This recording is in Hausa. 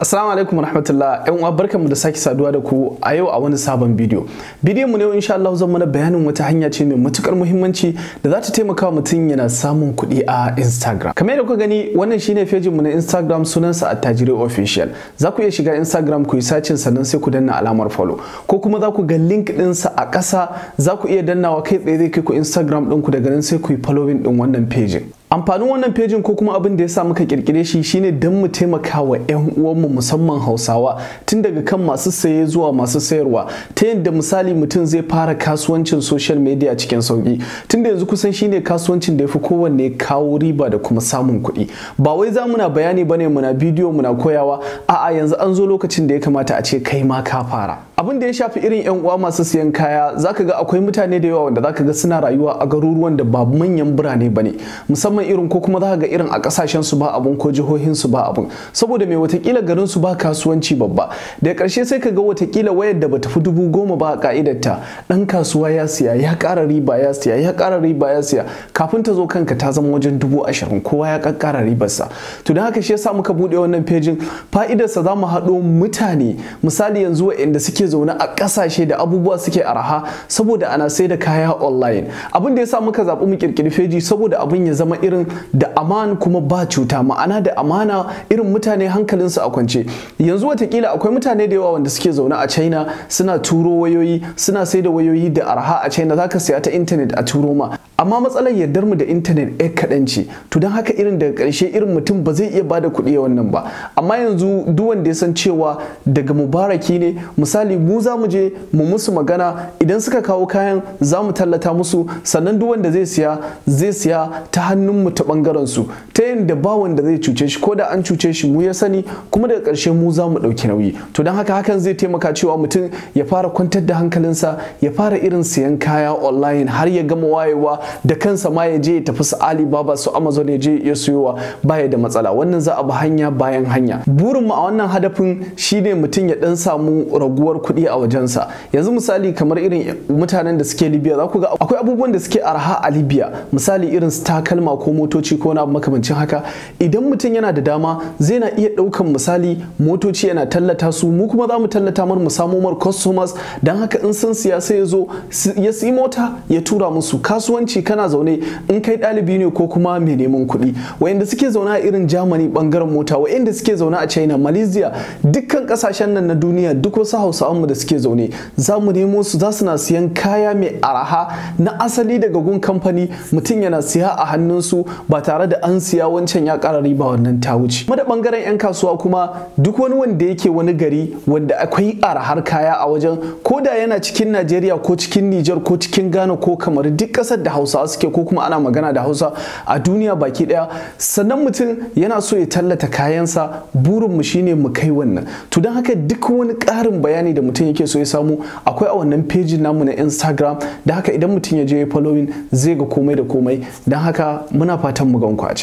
Assalamu alaikum wa rahmatullah ƴan uwa barkanmu da sake saduwa da ku a yau a wani sabon bidiyo. Bidiyon mu ne insha Allah zan mana bayanin wata hanya ce mai matukar muhimmanci da za ta taimaka wa mutum yana samun kuɗi a Instagram. Kamar yadda kuka gani wannan shine fejin mu na Instagram sunansa Attajirai Official. Za ku iya shiga Instagram ku yi sacin sannan sai ku danna alamar follow ko kuma za ku ga link din sa a ƙasa za ku iya dannawa kai tsaye zai kai ku Instagram ɗinku daga nan sai ku yi following ɗin wannan fejin. amfanin wannan fejin ko kuma abin da ya sa muka kirkire shi shine don mu taimaka wa 'yan uwanmu musamman hausawa tun daga kan masu saye zuwa masu sayarwa ta yadda misali mutum zai fara kasuwancin social media cikin sauki tun da yanzu kusan shine kasuwancin da ya fi kowanne kawo riba da kuma samun kuɗi ba wai za muna bayani bane muna bidiyo muna koyawa a'a yanzu an zo lokacin da ya kamata a ce kai ma ka fara abin da ya shafi irin 'yan uwa masu siyan kaya zaka ga akwai mutane da yawa wanda zaka ga suna rayuwa a garuruwan da ba manyan birane bane musamman musamman irin ko kuma za ga irin a kasashen su ba abun ko jihohin su ba abun saboda mai watakila garin su ba kasuwanci babba da karshe sai ka ga watakila wayar da bata fi dubu goma ba a ka'idarta dan kasuwa ya siya ya kara riba ya siya ya kara riba ya siya kafin ta zo kanka ta zama wajen dubu ashirin kowa ya ribar sa to don haka shi yasa muka bude wannan fejin fa'idarsa za mu haɗo mutane misali yanzu waɗanda suke zaune a kasashe da abubuwa suke araha saboda ana sai da kaya online abin da yasa muka zaɓi mu ƙirƙiri feji saboda abin ya zama irin da aman kuma ba cuta ma'ana da amana irin mutane hankalinsu a kwance yanzu watakila akwai mutane da yawa wanda suke zaune a china suna turo wayoyi suna sai da wayoyi da arha a china za ka siya ta intanet a turo ma amma matsalar yardar mu da intanet ɗaya kaɗan ce to don haka irin daga ƙarshe irin mutum ba zai iya da kuɗi wannan ba amma yanzu duk wanda ya san cewa daga mubaraki ne misali mu za mu je mu musu magana idan suka kawo kayan za mu tallata musu sannan duk wanda zai siya zai siya ta hannun mu ta bangaren su ta yadda ba wanda zai cuce shi ko da an cuce shi mu ya sani kuma daga ƙarshe mu za mu ɗauki nauyi to don haka hakan zai taimaka cewa mutum ya fara kwantar da hankalinsa ya fara irin sayan kaya online har ya gama wayewa da kansa ma ya je ya tafi su Alibaba su Amazon ya je ya siyowa baya da matsala wannan za a bi hanya bayan hanya burin mu a wannan hadafin shine mutum ya dan samu raguwar kuɗi a wajensa yanzu misali kamar irin mutanen da suke Libya za ku ga akwai abubuwan da suke arha a Libya misali irin su takalma ko ko motoci ko wani abu makamancin haka idan mutum yana da dama zai na iya ɗaukan misali motoci yana tallata su mu kuma za mu tallata mar mu samo mar customers don haka in sun siya sai ya zo ya si mota ya tura musu kasuwanci kana zaune in kai ɗalibi ne ko kuma mai neman kuɗi wayanda suke zaune a irin Germany bangaren mota wayanda suke zaune a China Malaysia dukkan kasashen nan na duniya duk wasu hausawan mu da suke zaune za mu nemo su za su na siyan kaya mai araha na asali daga gun kamfani mutum yana siya a hannun su. su ba tare da an siya wancan ya ƙara riba wannan ta wuce kuma da bangaren 'yan kasuwa kuma duk wani wanda yake wani gari wanda akwai arhar kaya a wajen ko da yana cikin Najeriya ko cikin Nijar ko cikin Ghana ko kamar duk ƙasar da Hausawa suke ko kuma ana magana da Hausa a duniya baki ɗaya sannan mutum yana so ya tallata kayansa burin mu shine mu kai wannan to don haka duk wani ƙarin bayani da mutum yake so ya samu akwai a wannan pejin namu na Instagram da haka idan mutum ya je following zai ga komai da komai don haka muna muna fatan mu ga a